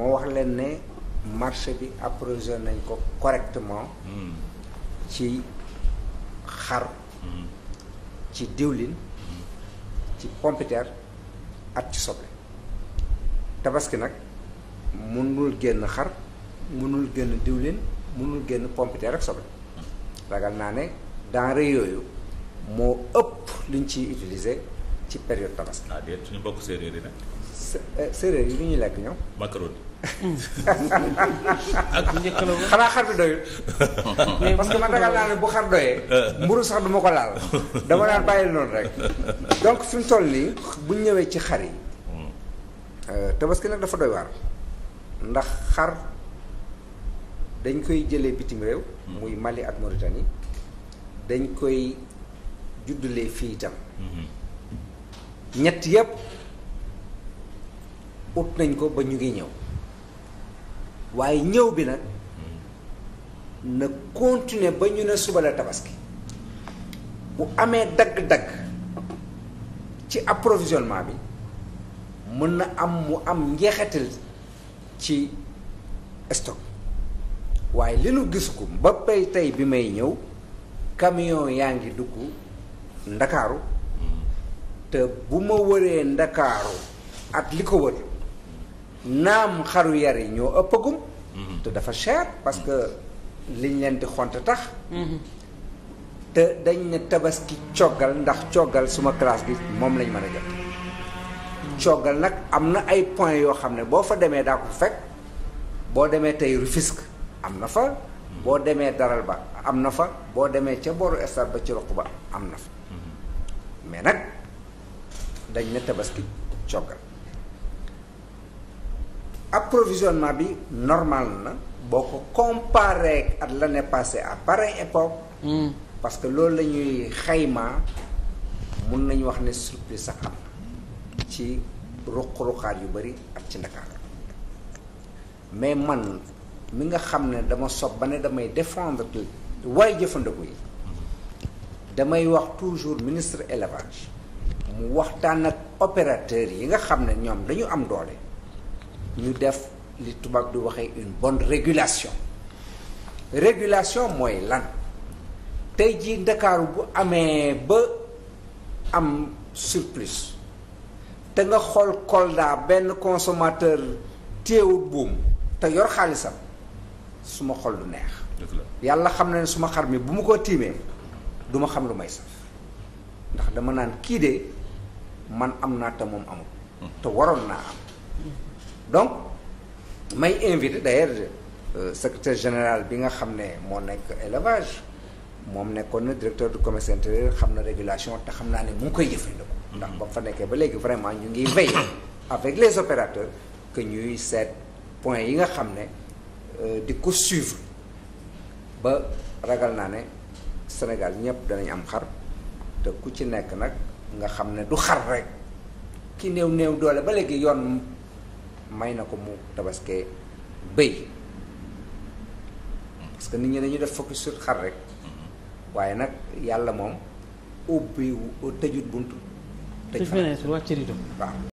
moo wax leen ne marché bi approvisionné nañ ko correctement hmm. ci xar hmm. ci diwlin hmm. ci pompiteer at ci soble tabaski nag mënul génn xar mënul génn diwlin mënul génn pompiteer ak soble ragal naa ne denrée yooyu moo ëpp luñ ciy utiliser ci période tabaski. ah déet séeréer yi ñu ñuy lekk ñoom. macaroni. ak xanaa xar bi doyul. parce que man naa ne bu xar doyee. mburu sax du ko laal. dama daan bàyyi noonu rek. donc fi mu toll nii bu ñëwee ci xar yi. Hmm. Euh, tabaski nag dafa doy waar. ndax xar dañ koy jëlee bitim réew. Hmm. muy Mali at Mauritanie. dañ koy juddulee fii itam. Hmm. ñett yëpp. ut nañ ko ba ñu ngi ñëw waaye ñëw bi nag na continuer ba ñu ne suba la tabaski bu amee dagg-dagg ci approvisionnement bi mën na am mu am njeexital ci stock waaye li nu gis ko ba pay tey bi may ñëw kamiyon yaa ngi dugg ndakaaru mm-hmm. te bu ma wëree ndakaaru at li ko wër naam xaru yar yi ñoo ëppagum. Mhm. te dafa cher parce que liñ leen di xont tax. Mhm. te dañ ne tabaski coggal ndax coggal suma classe gi moom lañ mën a jot. coggal nag am na ay point yoo xam ne boo fa demee daa ko fekk boo demee tey Rufisque am na fa. boo demee daral ba am na fa boo demee ca booru stade ba ci roq ba am na fa. Mhm. mais nag dañ ne tabaski coggal. approvisionnement bi normal na boo ko comparé ak l'année passée à pareille époque hmm. parce que loolu la ñuy xaymaa mun nañu wax ne surplus sax am na ci ruq-ruqaat yu bëri ak ci Ndakaar mais man mi nga xam ne dama sob ba ne damay défendre waaye jëfandiku yi damay wax toujours ministre élevage mu waxtaan ak opérateurs yi nga xam ne ñoom dañu am doole ñu def li tubaab du waxee une bonne régulation régulation mooy lan tey jii ndakaaru bu amee ba am surplus te nga xool koldaa benn consomateur téewut buum te yor xaalisam su ma xol du neex yàlla xam na ne suma xar mi bu ma ko tiimee duma xam lu may saf ndax dama naan kii de man am naa te moom amul hmm. te waroon naa am donc may invité d'ailleurs euh, secrétaire général bi nga xam ne moo nekk élevage moom nekkoon na directeur du commerce intérieur xam na régulation te xam naa ne mu ngi koy jëfandikoo. Mm-hmm. ndax ba fa nekkee ba léegi vraiment ñu ngi veiller avec les opérateurs que ñuy seet point yi nga xam ne euh, di ko suivre ba ragal naa ne Sénégal ñëpp danañ am xar te ku ci nekk nag nga xam ne du xar rek ki néew néew doole ba léegi yoon. may na ko mu tabaskee bëy parce que nit ñi dañuy def focus sur xar rek mm-hmm. waaye nag yàlla moom ubbi tëjut bunt tëj fenêtre wàcc rido waaw